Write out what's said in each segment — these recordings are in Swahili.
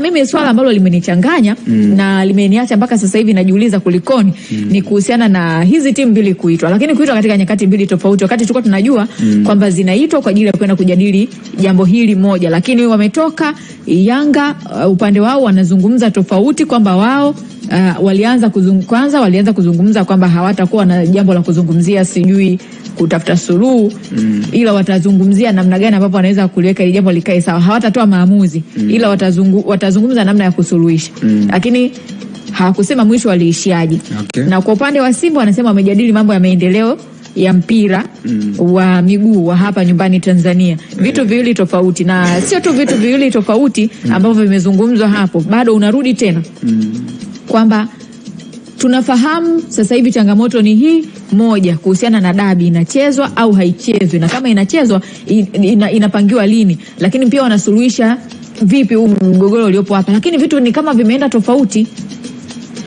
Mimi swala ambalo limenichanganya mm. na limeniacha mpaka sasa hivi najiuliza kulikoni mm. ni kuhusiana na hizi timu mbili kuitwa, lakini kuitwa katika nyakati mbili tofauti, wakati tulikuwa tunajua mm. kwamba zinaitwa kwa ajili ya kwenda kujadili jambo hili moja, lakini wametoka Yanga uh, upande wao wanazungumza tofauti kwamba wao uh, walianza kuzung, kwanza walianza kuzungumza kwamba hawatakuwa na jambo la kuzungumzia sijui kutafuta suluhu mm. ila watazungumzia namna gani ambapo wanaweza kuliweka ili jambo likae sawa. Hawatatoa maamuzi mm. ila watazungu, watazungumza namna ya kusuluhisha mm. lakini hawakusema mwisho waliishiaje. Okay. Na kwa upande wa Simba wanasema wamejadili mambo ya maendeleo ya mpira mm. wa miguu wa hapa nyumbani Tanzania, eh. vitu viwili tofauti, na sio tu vitu viwili tofauti mm. ambavyo vimezungumzwa hapo, bado unarudi tena mm kwamba tunafahamu sasa hivi changamoto ni hii moja, kuhusiana na dabi inachezwa au haichezwi, na kama inachezwa in, inapangiwa lini, lakini pia wanasuluhisha vipi huu mgogoro uliopo hapa, lakini vitu ni kama vimeenda tofauti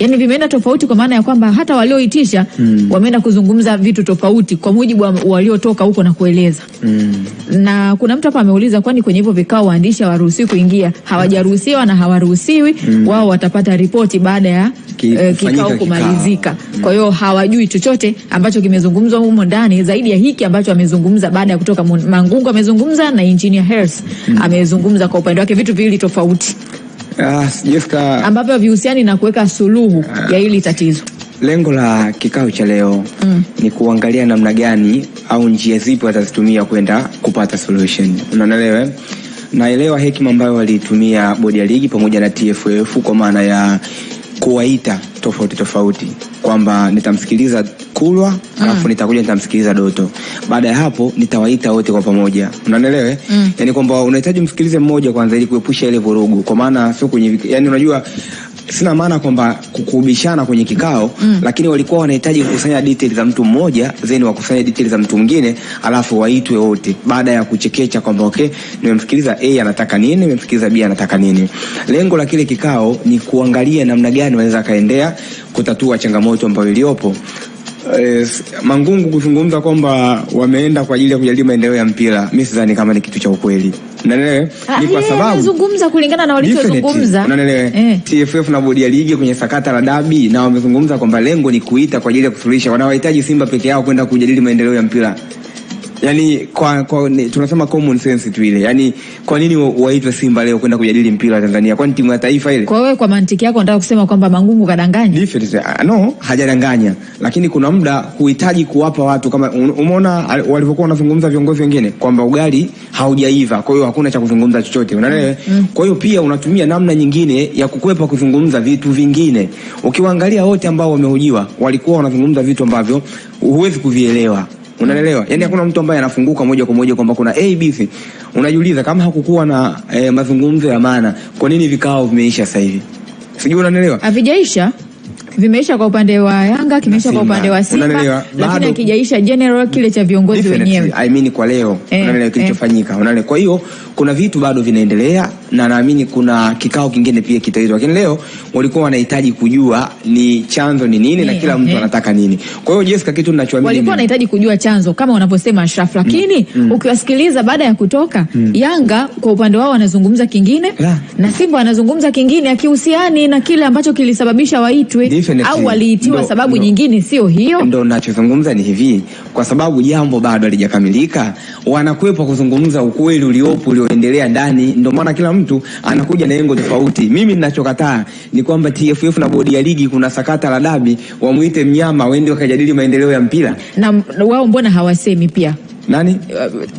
yani vimeenda tofauti, kwa maana ya kwamba hata walioitisha mm. wameenda kuzungumza vitu tofauti kwa mujibu wa waliotoka huko na kueleza mm. na kuna mtu hapa ameuliza, kwani kwenye hivyo vikao waandishi hawaruhusiwi kuingia? Hawajaruhusiwa na hawaruhusiwi mm. wao watapata ripoti baada ya Ki, eh, kikao kumalizika. Mm. Kwa hiyo hawajui chochote ambacho kimezungumzwa humo ndani zaidi ya hiki ambacho amezungumza baada ya kutoka Mangungu amezungumza na engineer Harris mm. amezungumza kwa upande wake vitu viwili tofauti. Uh, ambavyo vihusiani na kuweka suluhu uh, ya hili tatizo. Lengo la kikao cha leo mm, ni kuangalia namna gani au njia zipi watazitumia kwenda kupata solution. Unaelewa? Eh? Naelewa hekima ambayo waliitumia bodi ya ligi pamoja na TFF kwa maana ya kuwaita tofauti tofauti kwamba nitamsikiliza Kulwa mm. alafu mm. nitakuja nitamsikiliza Doto. Baada ya hapo nitawaita wote kwa pamoja, unanielewa? Eh? mm. Yani kwamba unahitaji msikilize mmoja kwanza, ili kuepusha ile vurugu, kwa maana sio kwenye, yani unajua sina maana kwamba kukubishana kwenye kikao mm. Lakini walikuwa wanahitaji kukusanya details za mtu mmoja then wakusanya details za mtu mwingine, alafu waitwe wote, baada ya kuchekecha kwamba okay, nimemfikiriza A anataka nini, nimemfikiriza B anataka nini. Lengo la kile kikao ni kuangalia namna gani wanaweza kaendea kutatua changamoto ambayo iliyopo eh, Mangungu kuzungumza kwamba wameenda kwa ajili ya kujadili maendeleo ya mpira, mimi sidhani kama ni kitu cha ukweli. Unaelewa? Ni ah, kwa sababu zungumza kulingana na walichozungumza. Unaelewa? Eh. TFF na bodi ya ligi kwenye sakata la dabi na wamezungumza kwamba lengo ni kuita kwa ajili ya kusuluhisha, wanawahitaji Simba peke yao kwenda kujadili maendeleo ya mpira yani kwa, kwa ni, tunasema common sense tu ile. Yani kwa nini waitwe Simba leo kwenda kujadili mpira wa Tanzania? Kwani timu ya taifa ile? Kwa wewe, kwa mantiki yako unataka kusema kwamba Mangungu kadanganya? Different. Ah, no, hajadanganya. Lakini kuna muda huhitaji kuwapa watu kama umeona walivyokuwa wanazungumza viongozi wengine kwamba ugali haujaiva. Kwa hiyo hakuna cha kuzungumza chochote. Unaelewa? Mm, mm. Kwa hiyo pia unatumia namna nyingine ya kukwepa kuzungumza vitu vingine. Ukiwaangalia wote ambao wamehojiwa walikuwa wanazungumza vitu ambavyo huwezi kuvielewa unaelewa? Mm-hmm. Yani hakuna mtu ambaye anafunguka moja kwa moja kwamba kuna A B C. Unajiuliza kama hakukuwa na eh, mazungumzo ya maana, kwa nini vikao vimeisha sasa hivi? Sijui unanielewa? Havijaisha. Vimeisha kwa upande wa Yanga, kimeisha kwa upande wa Simba, lakini akijaisha general kile cha viongozi wenyewe. I mean kwa leo, eh, unanielewa eh. kilichofanyika. Eh. Unanielewa? Kwa hiyo kuna vitu bado vinaendelea na naamini kuna kikao kingine pia kitaitwa, lakini leo walikuwa wanahitaji kujua ni chanzo ni nini, yeah, na kila mtu anataka nini. Kwa hiyo Jessica, kitu ninachoamini walikuwa wanahitaji kujua chanzo kama wanavyosema Ashraf, lakini mm, mm, ukiwasikiliza baada ya kutoka mm, Yanga kwa upande wao wanazungumza kingine La, na Simba wanazungumza kingine akihusiani na kile ambacho kilisababisha waitwe Definitely, au waliitiwa sababu ndo, nyingine sio hiyo. Ndio ninachozungumza ni hivi, kwa sababu jambo bado halijakamilika, wanakwepa kuzungumza ukweli uliopo ulioendelea ndani, ndio maana kila mtu mtu anakuja na lengo tofauti. Mimi ninachokataa ni kwamba TFF na bodi ya ligi kuna sakata la dabi, wamuite mnyama waende wakajadili maendeleo ya mpira. Na wao mbona hawasemi pia nani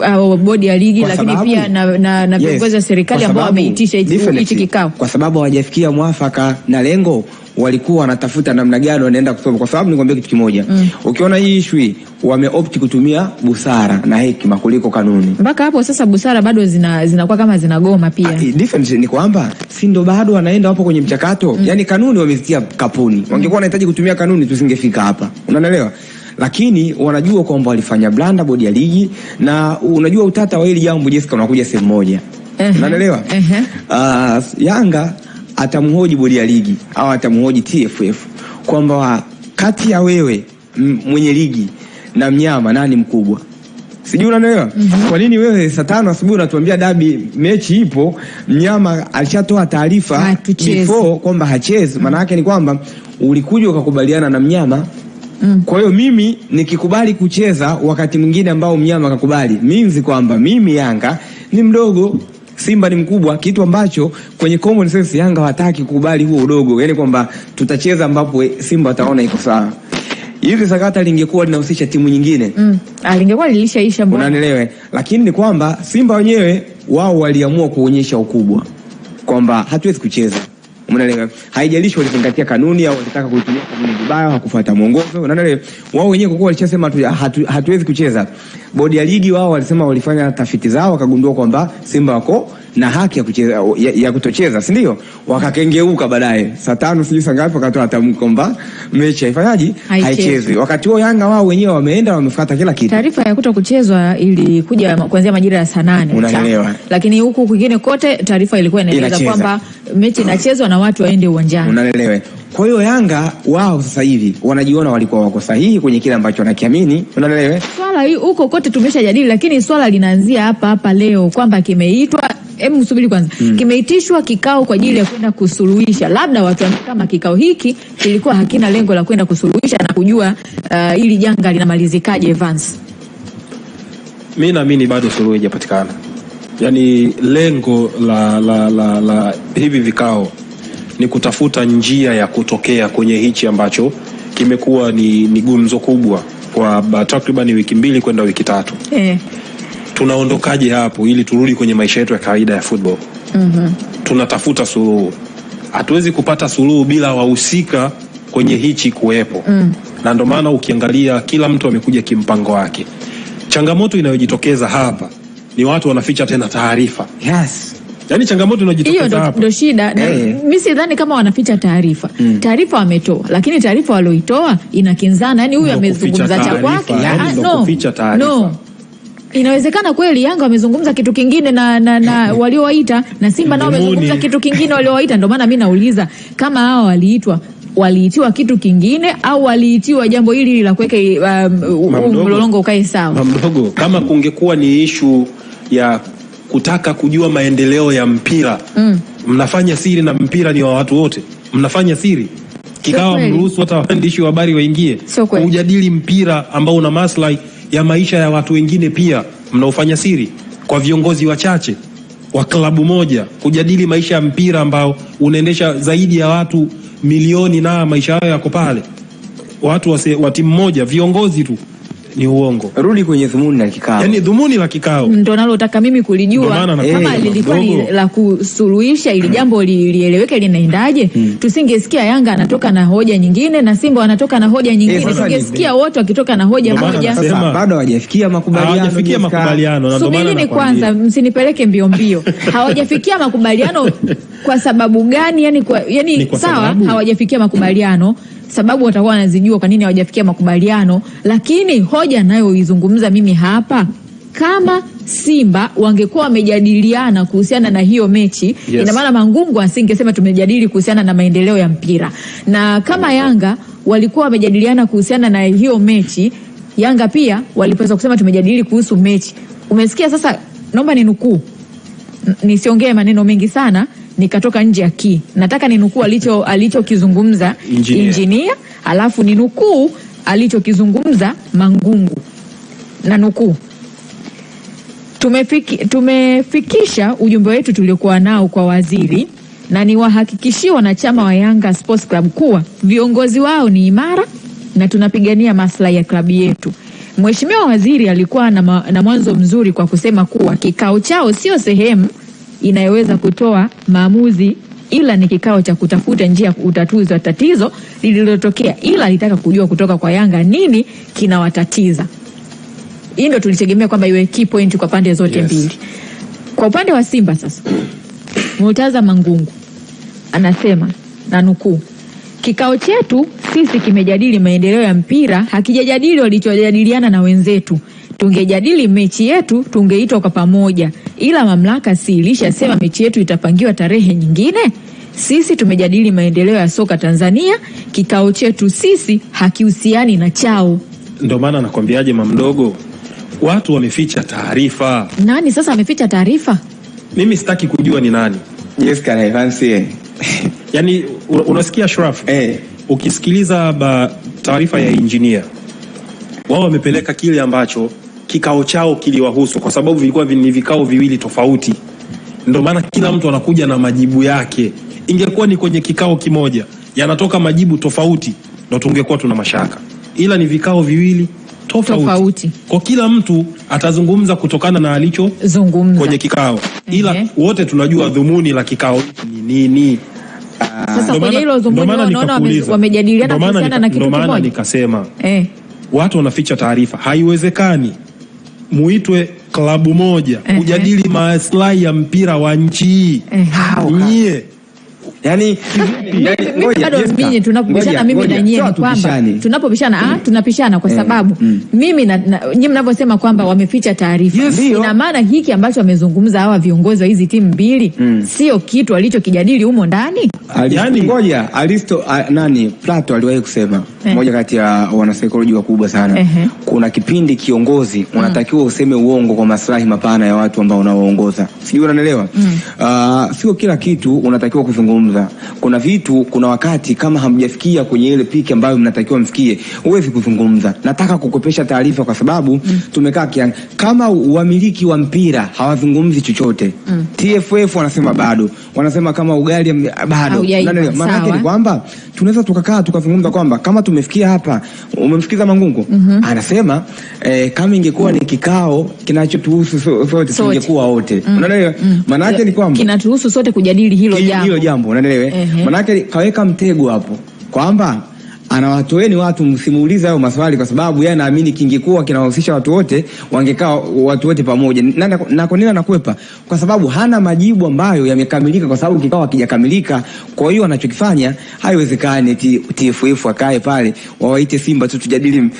uh, uh bodi ya ligi lakini pia na viongozi yes, wa serikali ambao wameitisha hichi kikao kwa sababu hawajafikia mwafaka na lengo walikuwa wanatafuta namna gani wanaenda kusoma, kwa sababu nikwambia kitu kimoja mm. Ukiona hii issue hii wameopti kutumia busara na hekima kuliko kanuni. Mpaka hapo sasa busara bado zina zinakuwa kama zinagoma pia. A, ah, eh, difference ni kwamba si ndo bado wanaenda wapo kwenye mchakato mm. yani kanuni wamezitia kapuni mm. Wangekuwa wanahitaji kutumia kanuni tusingefika hapa, unanielewa? lakini wanajua kwamba walifanya blanda bodi ya ligi, na unajua utata wa hili jambo Jessica, unakuja sehemu moja, unaelewa. uh ah, -huh. uh -huh. uh, Yanga atamhoji bodi ya ligi au atamhoji TFF kwamba kati ya wewe mwenye ligi na mnyama nani mkubwa? Sijui unanielewa? Mm -hmm. Kwa nini wewe saa tano asubuhi unatuambia dabi mechi ipo, mnyama alishatoa taarifa before kwamba hachezi. Maana yake ni kwamba ulikuja ukakubaliana na mnyama. Mm. Kwa hiyo mimi nikikubali kucheza wakati mwingine ambao mnyama akakubali, minzi kwamba mimi Yanga ni mdogo. Simba ni mkubwa, kitu ambacho kwenye common sense Yanga hataki kukubali huo udogo, yaani kwamba tutacheza ambapo Simba wataona iko sawa. Hivi sakata lingekuwa linahusisha timu nyingine mm, ah, lingekuwa lilishaisha, mbona unanielewe. Lakini ni kwamba Simba wenyewe wao waliamua kuonyesha ukubwa kwamba hatuwezi kucheza Unaelewa? Haijalishi walizingatia kanuni au walitaka kuitumia kanuni vibaya, hakufuata mwongozo. Unaelewa? Wao wenyewe kwa kuwa walishasema hatu, hatuwezi kucheza. Bodi ya ligi wao walisema walifanya tafiti zao wakagundua kwamba Simba wako na haki ya kucheza ya, ya kutocheza, si ndio? Wakakengeuka baadaye saa tano sijui saa ngapi, wakatoa tamko kwamba mechi haifanyaji haichezwi. Wakati huo Yanga wao wenyewe wameenda wamefuata kila kitu. Taarifa ya kuto kuchezwa ilikuja kuanzia majira ya saa nane, unaelewa, lakini huku kwingine kote taarifa ilikuwa inaeleza kwamba mechi inachezwa na watu waende uwanjani, unaelewa. Kwa hiyo Yanga wao sasa hivi wanajiona walikuwa wako sahihi kwenye kile ambacho wanakiamini, unaelewa? Eh? Swala hii huko kote tumeshajadili, lakini swala linaanzia hapa hapa leo kwamba kimeitwa Hebu msubiri kwanza mm. Kimeitishwa kikao kwa ajili ya kwenda kusuluhisha, labda watu kama kikao hiki kilikuwa hakina lengo la kwenda kusuluhisha na kujua hili uh, ili janga linamalizikaje. Vance, mimi naamini bado suluhu haijapatikana, yaani lengo la, la, la, la, la hivi vikao ni kutafuta njia ya kutokea kwenye hichi ambacho kimekuwa ni, ni gumzo kubwa kwa takriban wiki mbili kwenda wiki tatu eh. Tunaondokaje hapo ili turudi kwenye maisha yetu ya kawaida ya football? mm -hmm. Tunatafuta suluhu, hatuwezi kupata suluhu bila wahusika kwenye hichi kuwepo mm. Na ndio maana ukiangalia kila mtu amekuja kimpango wake. Changamoto inayojitokeza hapa ni watu wanaficha tena taarifa yes. Yaani changamoto inajitokeza hapa. Hiyo ndo shida. Hey. Eh. Mimi sidhani kama wanaficha taarifa. Mm. Taarifa wametoa, lakini taarifa walioitoa inakinzana. Yaani huyu amezungumza cha kwake. Yaani ah, kuficha taarifa. No. Inawezekana kweli Yanga wamezungumza kitu kingine na, na, na waliowaita na Simba nao wamezungumza kitu kingine waliowaita. Ndio maana mimi nauliza kama hao waliitwa waliitiwa kitu kingine au waliitiwa jambo hili la kuweka um, mlolongo ukae sawa. Mdogo, kama kungekuwa ni ishu ya kutaka kujua maendeleo ya mpira mm. Mnafanya siri na mpira ni wa watu wote, mnafanya siri kikawa mruhusu hata waandishi wa habari waingie kujadili mpira ambao una maslahi ya maisha ya watu wengine, pia mnaofanya siri kwa viongozi wachache wa klabu moja kujadili maisha ya mpira ambao unaendesha zaidi ya watu milioni, na maisha yao yako pale, watu wa timu moja, viongozi tu ni uongo. Rudi kwenye dhumuni la kikao. yani dhumuni la kikao ndo nalotaka mimi kulijua kama hey, lilikuwa ni la kusuluhisha ili jambo lieleweke linaendaje? Hmm. Tusingesikia Yanga anatoka na hoja nyingine na Simba wanatoka na hoja nyingine. Hey, eh, tusingesikia wote wakitoka na hoja moja. Sasa bado hawajafikia makubaliano. Hawajafikia makubaliano na ndio maana kwanza, msinipeleke mbio mbio. Hawajafikia makubaliano kwa sababu gani? Yani kwa, yani sawa hawajafikia makubaliano sababu watakuwa wanazijua kwa nini hawajafikia makubaliano. Lakini hoja nayoizungumza mimi hapa kama Simba wangekuwa wamejadiliana kuhusiana na hiyo mechi yes. Ina maana Mangungu asingesema tumejadili kuhusiana na maendeleo ya mpira, na kama Yanga walikuwa wamejadiliana kuhusiana na hiyo mechi, Yanga pia walipaswa kusema tumejadili kuhusu mechi. Umesikia sasa, naomba ninukuu, nisiongee maneno mengi sana nikatoka nje ya kii. Nataka ninukuu alicho alichokizungumza injinia, alafu ninukuu alichokizungumza Mangungu na nukuu Tumefiki, tumefikisha ujumbe wetu tuliokuwa nao kwa waziri na niwahakikishie wanachama wa Yanga Sports Club kuwa viongozi wao ni imara na tunapigania maslahi ya klabu yetu. Mheshimiwa Waziri alikuwa na, ma, na mwanzo mzuri kwa kusema kuwa kikao chao sio sehemu inayoweza kutoa maamuzi, ila ni kikao cha kutafuta njia ya utatuzi wa tatizo lililotokea, ila alitaka kujua kutoka kwa Yanga nini kinawatatiza. Hii ndo tulitegemea kwamba iwe key point kwa pande zote mbili. Kwa upande wa Simba sasa, Murtaza Mangungu anasema na nukuu, kikao chetu sisi kimejadili maendeleo ya mpira, hakijajadili walichojadiliana na wenzetu tungejadili mechi yetu tungeitwa kwa pamoja, ila mamlaka si ilishasema mechi yetu itapangiwa tarehe nyingine. Sisi tumejadili maendeleo ya soka Tanzania, kikao chetu sisi hakihusiani na chao. Ndio maana nakwambiaje, mamdogo, watu wameficha taarifa. Nani sasa ameficha taarifa? Mimi sitaki kujua ni nani. Yes, yani unasikia Shraf, eh, ukisikiliza taarifa ya injinia, wao wamepeleka kile ambacho kikao chao kiliwahusu, kwa sababu vilikuwa ni vikao viwili tofauti. Ndio maana kila mtu anakuja na majibu yake. Ingekuwa ni kwenye kikao kimoja, yanatoka majibu tofauti, ndio tungekuwa tuna mashaka, ila ni vikao viwili tofauti, tofauti. Kwa kila mtu atazungumza kutokana na alichozungumza kwenye kikao, ila okay, mhm. wote tunajua dhumuni la kikao ni nini. Sasa kwa wamejadiliana na kitu kimoja, nikasema eh, watu wanaficha taarifa, haiwezekani muitwe klabu moja kujadili maslahi ya mpira wa nchi hii eh, nyie Yani bado mimi mimi na nyie kwamba tunapopishana ah, tunapishana kwa mm. sababu mm. mimi na nyie mnavyosema kwamba mm. wameficha taarifa, ina maana hiki ambacho wamezungumza hawa viongozi wa hizi timu mbili sio kitu alichokijadili humo ndani. Yani ngoja Alisto nani Plato aliwahi kusema, eh. mmoja kati ya wanasaikolojia wakubwa sana, kuna kipindi kiongozi unatakiwa ah. useme uongo kwa maslahi mapana ya watu ambao unaoongoza sijui unanielewa. Ah, sio kila kitu unatakiwa kuzungumza brother, kuna vitu, kuna wakati kama hamjafikia kwenye ile piki ambayo mnatakiwa mfikie, huwezi kuzungumza. Nataka kukopesha taarifa kwa sababu mm. tumekaa kian, kama wamiliki wa mpira hawazungumzi chochote mm. TFF wanasema mm. bado, wanasema kama ugali bado. Maana ni kwamba tunaweza tukakaa tukazungumza kwamba kama tumefikia hapa, umemfikiza Mangungu mm -hmm. anasema eh, kama ingekuwa mm. ni kikao kinachotuhusu sote so, so, so, so, so, so, so, so, so, wote mm. unaelewa mm. maana yake ni kwamba kinatuhusu sote kujadili hilo jambo, hilo jambo umeelewe? Manake kaweka mtego hapo kwamba anawatoeni watu msimuulize hayo maswali, kwa sababu yeye anaamini kingekuwa kinawahusisha watu wote, wangekaa watu wote pamoja. Na, kwa nini anakwepa? Kwa sababu hana majibu ambayo yamekamilika, kwa sababu kikao hakijakamilika. Kwa hiyo anachokifanya haiwezekani TFF akae pale wawaite Simba tu tujadili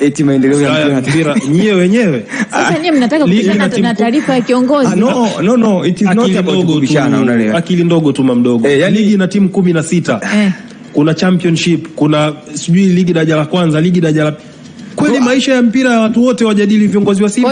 eti maendeleo ya mpira. Nyie wenyewe sasa, nyie mnataka kukutana na taarifa ya kiongozi? Ah, no, no, no, it is not about kubishana. Unaelewa, akili ndogo tu mamdogo. Eh, Ligi na timu 16 na kuna championship, kuna sijui ligi daraja la kwanza, ligi daraja la Kweli maisha ya mpira ya watu wote wajadili viongozi wa Simba.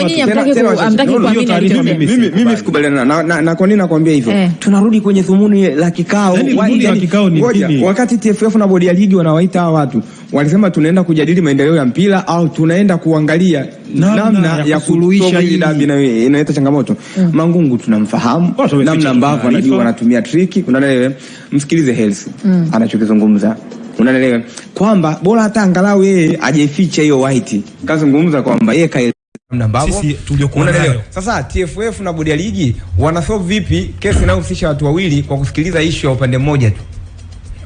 Mimi sikubaliana na na, na kwa nini nakwambia hivyo? Eh. Tunarudi kwenye dhumuni la kikao. Yaani wakati TFF na bodi ya ligi wanawaita hawa watu, walisema tunaenda kujadili maendeleo ya mpira au tunaenda kuangalia namna ya kuluisha hii dabi na inaleta changamoto. Eh. Mangungu tunamfahamu namna ambavyo anajua wanatumia triki. Unaelewa? Msikilize Hersi mm. anachokizungumza. Unaelewa kwamba bora hata angalau yeye ajeficha hiyo white, kazungumza kwamba yeye ka sisi sasa. TFF na bodi ya ligi wanasolve vipi kesi inayohusisha watu wawili kwa kusikiliza issue ya upande mmoja tu?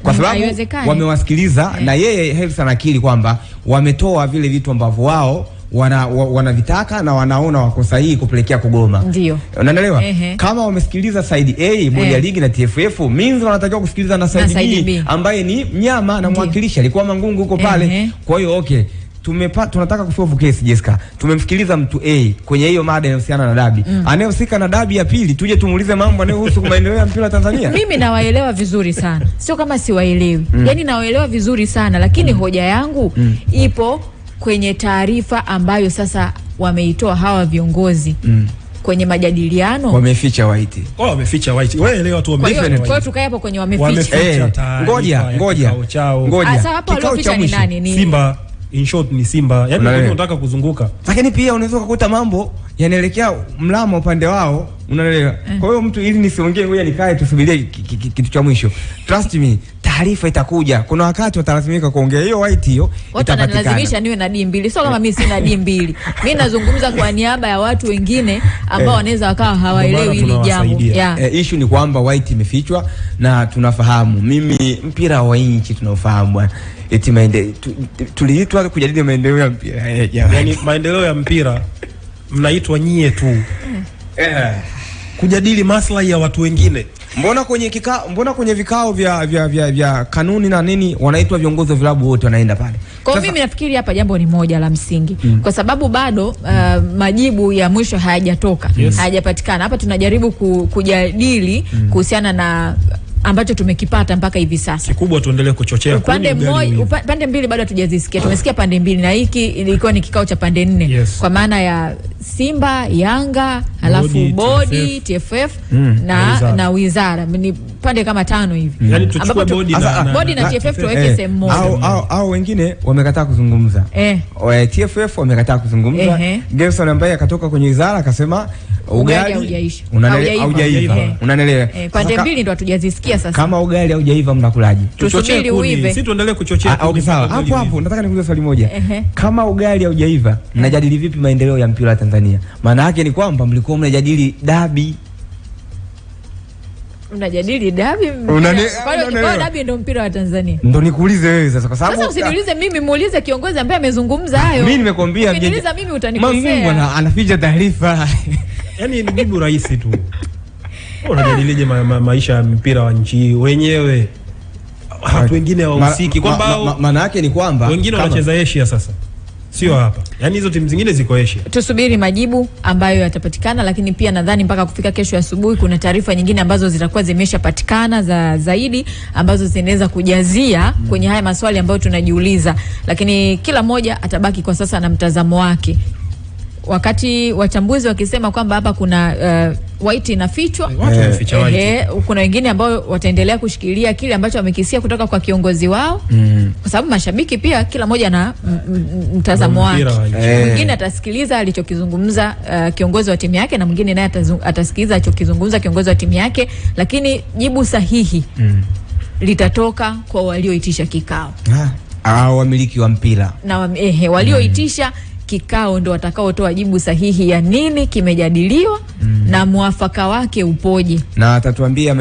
Kwa mm, sababu wamewasikiliza yeah. Na yeye Hersi anakiri kwamba wametoa vile vitu ambavyo wao wana, wanavitaka na wanaona wako sahihi kupelekea kugoma. Ndio. Unaelewa? Kama wamesikiliza side A bodi ya eh. ligi na TFF, Minzi wanatakiwa kusikiliza na side, na side B, B ambaye ni mnyama na mwakilishi alikuwa Mangungu huko pale. Kwa hiyo okay. Tumepa, tunataka kusolve case Jessica. Tumemsikiliza mtu A kwenye hiyo mada inayohusiana na dabi mm. Anayehusika na dabi ya pili tuje tumuulize mambo yanayohusu maendeleo ya mpira Tanzania. Mimi nawaelewa vizuri sana, sio kama siwaelewi mm. Yani nawaelewa vizuri sana lakini mm. hoja yangu mm. ipo kwenye taarifa ambayo sasa wameitoa hawa viongozi mm. Kwenye majadiliano wameficha white, oh, wameficha white. Wewe leo watu wameficha. Kwa hiyo tukae hapo kwenye wameficha. Hey, eh, ngoja ngoja ngoja, ah, sasa hapo walioficha ni nani? Ni Simba, in short ni Simba. Yaani unataka kuzunguka, lakini pia unaweza kukuta mambo yanaelekea mlamo upande wao, unaelewa. eh. Kwa hiyo mtu, ili nisiongee, ngoja nikae, tusubirie kitu cha mwisho. Trust me, taarifa itakuja. Kuna wakati watalazimika kuongea hiyo white, hiyo itapatikana, niwe na dii mbili, sio kama mimi sina dii mbili. Mimi nazungumza kwa niaba ya watu wengine ambao eh. wanaweza eh, wakawa hawaelewi hili jambo. Eh, yeah. Eh, Issue ni kwamba white imefichwa na tunafahamu. Mimi mpira wa inchi tunaofahamu bwana eti maendeleo, tuliitwa kujadili maendeleo ya mpira, yaani maendeleo ya mpira mnaitwa nyie tu eh, kujadili maslahi ya watu wengine. Mbona kwenye kika, mbona kwenye vikao vya vya vya, vya kanuni na nini wanaitwa viongozi wa vilabu wote wanaenda pale. Kwa hiyo mimi nafikiri hapa jambo ni moja la msingi mm. kwa sababu bado uh, majibu ya mwisho hayajatoka yes. hayajapatikana. Hapa tunajaribu ku, kujadili mm. kuhusiana na ambacho tumekipata mpaka hivi sasa. Kikubwa tuendelee kuchochea upande mmoja, pande mbili bado hatujazisikia. Tumesikia pande mbili na hiki ilikuwa ni kikao cha pande nne yes. kwa maana ya Simba, Yanga, halafu bodi TFF TFF mm, na na wizara ni pande kama tano hivi, mm. yani tuchukue bodi na bodi na na, TFF tuweke eh, sehemu moja. Au au au wengine wamekataa kuzungumza eh, eh TFF wamekataa kuzungumza eh. eh. Gerson ambaye akatoka kwenye wizara akasema ugali haujaiva, eh. unanielewa? Pande mbili ndo hatujazisikia sasa. Kama ugali haujaiva mnakulaje? Tusubiri uive, sisi tuendelee kuchochea. Au ah, ah, sawa, hapo hapo nataka nikuulize swali moja, kama ugali haujaiva mnajadili vipi maendeleo ya mpira wa Tanzania? Tanzania. Maana yake ni kwamba mlikuwa mnajadili dabi unajadili dabi, dabi ndo mpira wa Tanzania. Ndo nikuulize wewe sasa, kwa sababu sasa usiniulize mimi, muulize kiongozi ambaye amezungumza hayo. Mimi nimekwambia, ukiniuliza mimi utanikosea, Mungu anaficha taarifa yani ni jibu rahisi tu. Unajadilije ma, ma, maisha ya mpira wa nchi wenyewe, watu wengine hawahusiki, kwamba maana yake ni kwamba wengine wanacheza Asia sasa sio hapa. Yaani hizo timu zingine ziko Asia. Tusubiri majibu ambayo yatapatikana, lakini pia nadhani mpaka kufika kesho asubuhi kuna taarifa nyingine ambazo zitakuwa zimeshapatikana za zaidi ambazo zinaweza kujazia mm, kwenye haya maswali ambayo tunajiuliza, lakini kila mmoja atabaki kwa sasa na mtazamo wake wakati wachambuzi wakisema kwamba hapa kuna uh, White inafichwa yeah. Yeah. kuna wengine ambao wataendelea kushikilia kile ambacho wamekisia kutoka kwa kiongozi wao mm. kwa sababu mashabiki pia kila mmoja na mtazamo wake. Eh. Mwingine atasikiliza alichokizungumza uh, kiongozi wa timu yake, na mwingine naye atasikiliza alichokizungumza kiongozi wa timu yake, lakini jibu sahihi mm. litatoka kwa walioitisha kikao ah, ah, wamiliki wa mpira na wam, walioitisha mm kikao ndo watakaotoa jibu sahihi ya nini kimejadiliwa mm. na mwafaka wake upoje na atatuambia